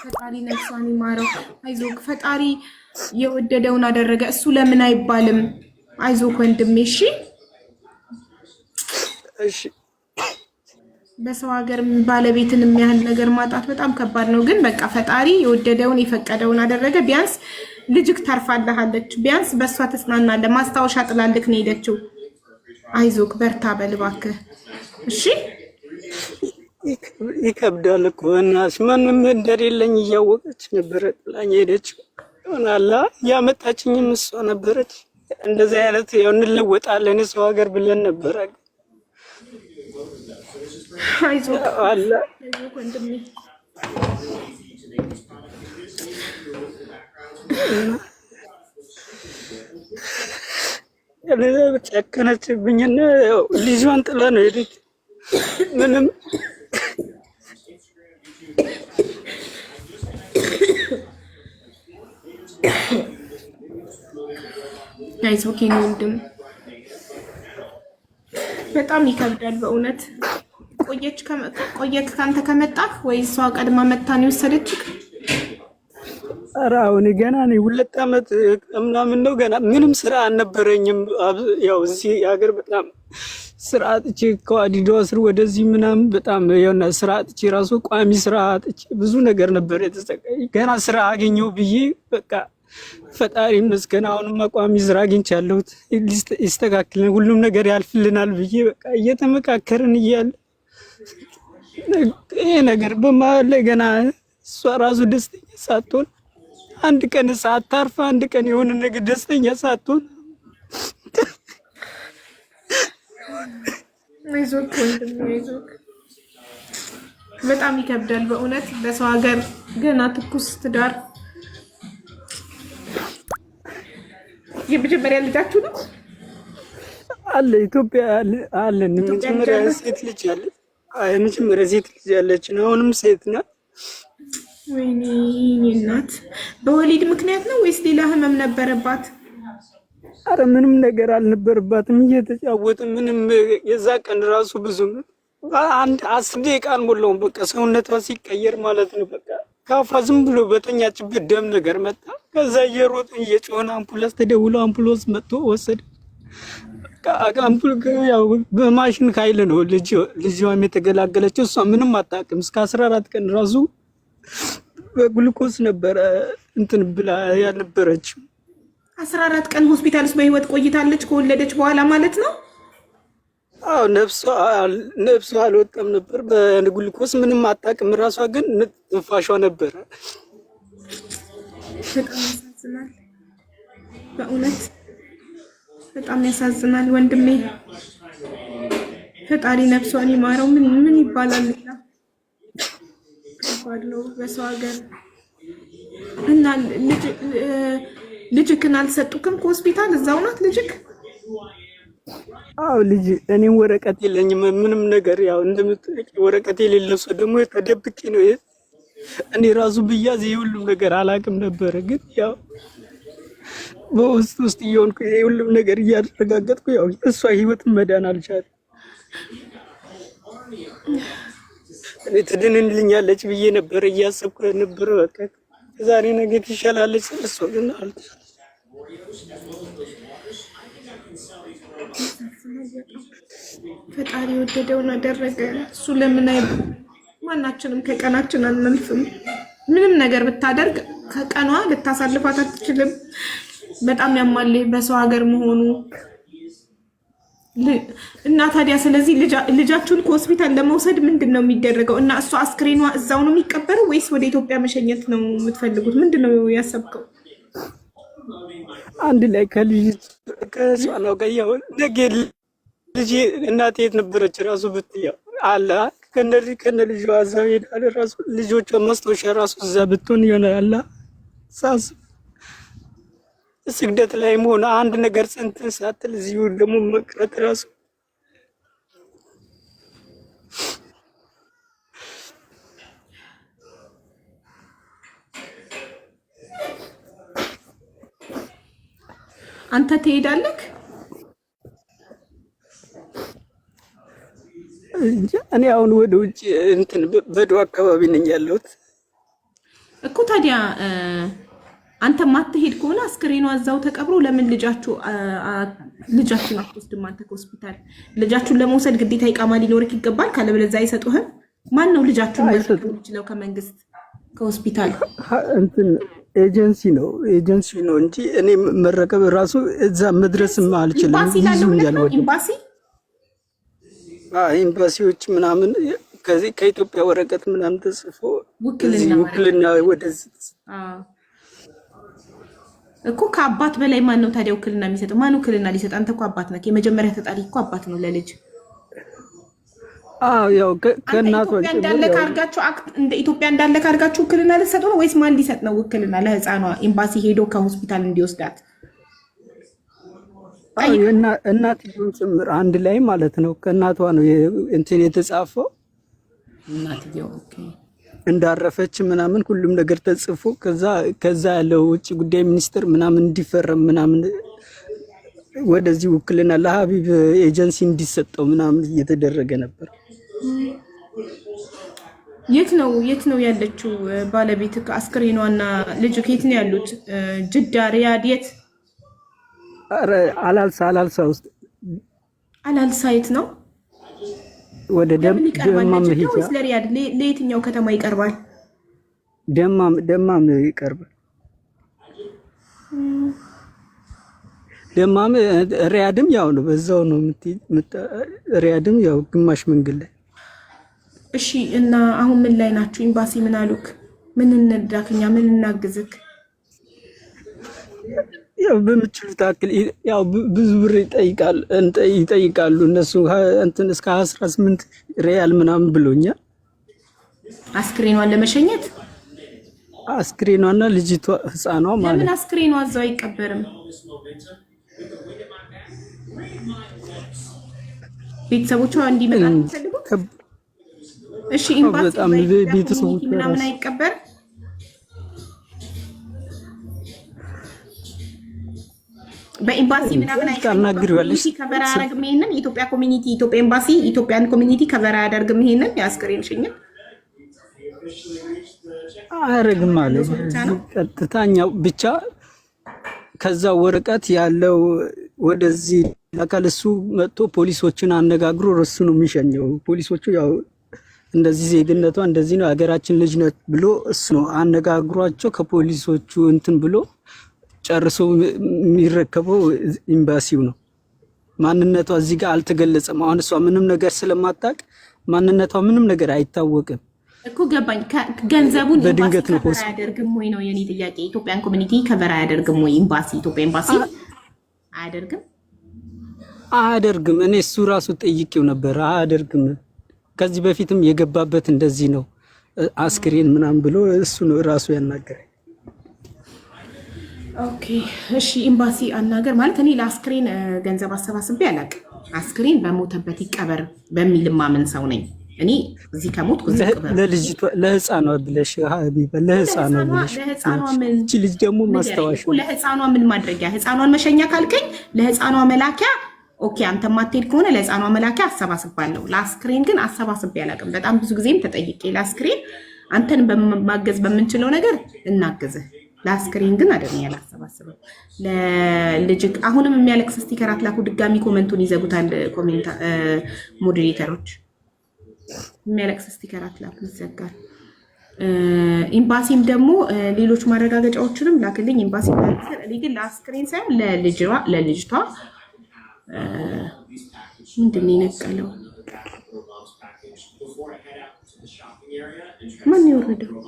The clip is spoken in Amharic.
ፈጣሪ ነፍሷን ይማረው። አይዞክ ፈጣሪ የወደደውን አደረገ። እሱ ለምን አይባልም? አይዞክ ወንድሜ። እሺ እሺ። በሰው ሀገር ባለቤትን የሚያህል ነገር ማጣት በጣም ከባድ ነው። ግን በቃ ፈጣሪ የወደደውን የፈቀደውን አደረገ። ቢያንስ ልጅክ ታርፋለሃለች። ቢያንስ በእሷ ተጽናናለህ። ማስታወሻ ጥላልክ ነው ሄደችው። አይዞክ በርታ በልባክህ። እሺ ይከብዳል እኮ እናስ ምንም እንደሌለኝ እያወቀች ነበረ ጥላኝ ሄደችው። ይሆናላ ያመጣችኝም እሷ ነበረች። እንደዚህ አይነት ያው እንለወጣለን የሰው ሀገር ብለን ነበረ። አላ ጨከነችብኝና ልጇን ጥላ ነው ሄደች ምንም አይዞህ ወንድም በጣም ይከብዳል በእውነት። ቆየክ ካንተ ከመጣህ ወይ እሷ ቀድማ መታን የወሰደች ኧረ አሁን ገና እኔ ሁለት ዓመት ምናምን ነው ገና ምንም ስራ አልነበረኝም። ያው እዚህ ሀገር በጣም ስራ አጥቼ ከአዲዳ ስር ወደዚህ ምናምን በጣም የሆነ ስራ አጥቼ ራሱ ቋሚ ስራ አጥቼ ብዙ ነገር ነበር የተሰቃይ። ገና ስራ አገኘው ብዬ በቃ ፈጣሪ ይመስገን አሁንማ ቋሚ ስራ አግኝቻለሁት። ይስተካክልን፣ ሁሉም ነገር ያልፍልናል ብዬ በቃ እየተመካከርን እያለ ይሄ ነገር በመሀል ላይ ገና እሷ ራሱ ደስተኛ ሳትሆን አንድ ቀን ሳታርፍ አንድ ቀን የሆነ ነገር ደስተኛ ሳትሆን አይዞክ ወንድም አይዞክ። በጣም ይከብዳል በእውነት በሰው ሀገር ገና ትኩስ ትዳር። የመጀመሪያ ልጃችሁ ነው አለ ኢትዮጵያ አለን። መጀመሪያ ሴት ልጅ አለ የመጀመሪያ ሴት ልጅ ያለች ነው። አሁንም ሴት ናት። ወይኔ እናት በወሊድ ምክንያት ነው ወይስ ሌላ ህመም ነበረባት? አረ ምንም ነገር አልነበርባትም እየተጫወትን ምንም የዛ ቀን ራሱ ብዙ አንድ አስር ደቂቃ አልሞላውም። በቃ ሰውነቷ ሲቀየር ማለት ነው። በቃ ካፋ ዝም ብሎ በተኛችበት ደም ነገር መጣ። ከዛ እየሮጡ እየጮሆን አምፑላስ ተደውሎ አምፑሎስ መጥቶ ወሰደ። በማሽን ኃይል ነው ልጅዋም የተገላገለችው። እሷ ምንም አታውቅም። እስከ አስራ አራት ቀን ራሱ በግሉኮስ ነበረ እንትን ብላ ያልነበረችው አስራ አራት ቀን ሆስፒታል ውስጥ በህይወት ቆይታለች ከወለደች በኋላ ማለት ነው። አዎ ነፍሷ አልወጣም ነበር። በግሉኮስ ምንም አጣቅም። ራሷ ግን ትንፋሿ ነበረ። ያሳዝናል። በእውነት በጣም ያሳዝናል ወንድሜ። ፈጣሪ ነፍሷን ይማረው። ምን ምን ይባላል ባለው በሰው ሀገር እና ልጅክን አልሰጡክም? ከሆስፒታል እዛው ናት ልጅክ? አዎ ልጅ እኔም ወረቀት የለኝም ምንም ነገር። ያው እንደምትጠቂ ወረቀት የሌለው ሰው ደግሞ ተደብቄ ነው። እኔ ራሱ ብያዝ የሁሉም ነገር አላቅም ነበረ፣ ግን ያው በውስጥ ውስጥ እየሆንኩ የሁሉም ነገር እያረጋገጥኩ ያው እሷ ህይወትን መዳን አልቻለም። እኔ ትድንልኛለች ብዬ ነበረ እያሰብኩ ነበረ በቃ ዛሬ ነገ ትሻላለች። እሷ ግን አሉት ፈጣሪ ወደደው አደረገ። እሱ ለምን አይ ማናችንም ከቀናችን አንመልጥም። ምንም ነገር ብታደርግ ከቀኗ ልታሳልፋት አትችልም። በጣም ያማል በሰው ሀገር መሆኑ እና ታዲያ ስለዚህ ልጃችሁን ከሆስፒታል ለመውሰድ ምንድን ነው የሚደረገው? እና እሷ አስክሬኗ እዛው ነው የሚቀበረው ወይስ ወደ ኢትዮጵያ መሸኘት ነው የምትፈልጉት? ምንድን ነው ያሰብከው? አንድ ላይ ከልጅ ነው ነገ ልጅ የት ነበረች ራሱ ብትያ አለ ከነ ልጇ እዛ ሄዳለ ራሱ ልጆቿ ራሱ እዛ ብትሆን ይሆናል አላ ሳስብ ስግደት ላይ መሆን አንድ ነገር ጽንትን ሳትል እዚሁ ደግሞ መቅረት ራሱ አንተ ትሄዳለህ። እኔ አሁን ወደ ውጭ እንትን በዶ አካባቢ ነኝ ያለሁት እኮ ታዲያ አንተ ማትሄድ ከሆነ አስክሬኗ እዛው ተቀብሮ ለምን ልጃችሁ ልጃችሁን አትወስድም? አንተ ከሆስፒታል ልጃችሁን ለመውሰድ ግዴታ ይቃማ ሊኖርክ ይገባል። ካለበለዚያ አይሰጡህም። ማን ነው ልጃችሁን የሚችለው? ከመንግስት ከሆስፒታል እንትን ኤጀንሲ ነው ኤጀንሲ ነው እንጂ እኔ መረከብ ራሱ እዛ መድረስ አልችልም። ኤምባሲዎች ምናምን ከዚህ ከኢትዮጵያ ወረቀት ምናምን ተጽፎ ውክልና ወደዚህ እኮ ከአባት በላይ ማን ነው ታዲያ ውክልና የሚሰጠው? ማን ውክልና ሊሰጥ? አንተ እኮ አባት ነህ። የመጀመሪያ ተጣሪ እኮ አባት ነው ለልጅ። ያው ኢትዮጵያ እንዳለ ካርጋችሁ እንደ ኢትዮጵያ እንዳለ ካርጋችሁ ውክልና ልትሰጡ ነው ወይስ ማን ሊሰጥ ነው ውክልና? ለህፃኗ ኤምባሲ ሄዶ ከሆስፒታል እንዲወስዳት እናትየውም ጭምር አንድ ላይ ማለት ነው። ከእናቷ ነው እንትን የተጻፈው እናትየው እንዳረፈች ምናምን ሁሉም ነገር ተጽፎ ከዛ ከዛ ያለው ውጭ ጉዳይ ሚኒስትር ምናምን እንዲፈረም ምናምን ወደዚህ ውክልና ለሀቢብ ኤጀንሲ እንዲሰጠው ምናምን እየተደረገ ነበር። የት ነው የት ነው ያለችው ባለቤት አስክሬኗና ልጅ ከየት ነው ያሉት? ጅዳ፣ ሪያድ የት? አላልሳ አላልሳ ውስጥ አላልሳ የት ነው ወደ ደማም ሂጃ ለሪያድ ለየትኛው ከተማ ይቀርባል? ደማም ደማም ይቀርባል። ደማም ሪያድም ያው ነው፣ በዛው ነው። ሪያድም ያው ግማሽ መንገድ ላይ። እሺ። እና አሁን ምን ላይ ናችሁ? ኤምባሲ ምን አሉክ? ምን እንርዳክኛ? ምን እናግዝክ? ያው በምችሉት አክል ያው ብዙ ብር ይጠይቃል ይጠይቃሉ እነሱ እንትን እስከ 18 ሪያል ምናምን ብሎኛል። አስክሬኗን ለመሸኘት አስክሬኗና ልጅቷ ህፃኗ ማለት ለምን አስክሬኗ እዛው አይቀበርም? ቤተሰቦቿ እንዲመጣ ፈልጉ። እሺ፣ ኢምባሲ ምናምን አይቀበርም በኤምባሲ ምናምን አይቀናግሪዋለሽ ከቨር አያደርግም። ይሄንን የኢትዮጵያ ኮሚኒቲ ኢትዮጵያ ኤምባሲ ኢትዮጵያን ኮሚኒቲ አያደርግም። ይሄንን የአስክሬን አያደርግም አለ ቀጥታኛው ብቻ ከዛ ወረቀት ያለው ወደዚህ አካል እሱ መጥቶ ፖሊሶችን አነጋግሮ እሱ ነው የሚሸኘው። ፖሊሶቹ ያው እንደዚህ ዜግነቷ እንደዚህ ነው ብሎ እሱ ነው አነጋግሯቸው ከፖሊሶቹ እንትን ብሎ ጨርሶ የሚረከበው ኤምባሲው ነው። ማንነቷ እዚህ ጋር አልተገለጸም። አሁን እሷ ምንም ነገር ስለማታውቅ ማንነቷ ምንም ነገር አይታወቅም እኮ ገባኝ። ገንዘቡን በድንገት ነው ሆስ አያደርግም ወይ ነው የኔ ጥያቄ። ኢትዮጵያን ኮሚኒቲ ከበር አያደርግም ወይ ኤምባሲ፣ ኢትዮጵያ ኤምባሲ አያደርግም አያደርግም። እኔ እሱ ራሱ ጠይቄው ነበር። አያደርግም። ከዚህ በፊትም የገባበት እንደዚህ ነው አስክሬን ምናምን ብሎ እሱ ነው ራሱ ያናገረኝ። ኦኬ እሺ፣ ኤምባሲ አናገር ማለት እኔ ለአስክሬን ገንዘብ አሰባስቤ አላውቅም። አስክሬን በሞተበት ይቀበር በሚል ማመን ሰው ነኝ እኔ። እዚህ ከሞት ለህፃኗ ብለሽ ሀቢባ ልጅ ደግሞ ማስታወሻ ለህፃኗ ምን ማድረጊያ ህፃኗን መሸኛ ካልከኝ ለህፃኗ መላኪያ ኦኬ፣ አንተ ማትሄድ ከሆነ ለህፃኗ መላኪያ አሰባስባለሁ። ለአስክሬን ግን አሰባስቤ አላውቅም። በጣም ብዙ ጊዜም ተጠይቄ ለአስክሬን አንተን በማገዝ በምንችለው ነገር እናግዝህ ለአስክሬን ግን አደ ያላሰባስበው። ለልጅ አሁንም የሚያለቅስ ስቲከር አትላኩ። ድጋሚ ኮመንቱን ይዘጉታል። ሞዴሬተሮች የሚያለቅስ ስቲከር አትላኩ፣ ይዘጋል። ኢምባሲም ደግሞ ሌሎች ማረጋገጫዎችንም ላክልኝ። ኤምባሲ ግን ለአስክሬን ሳይሆን ለልጅቷ ምንድን የነቀለው ማን የወረደው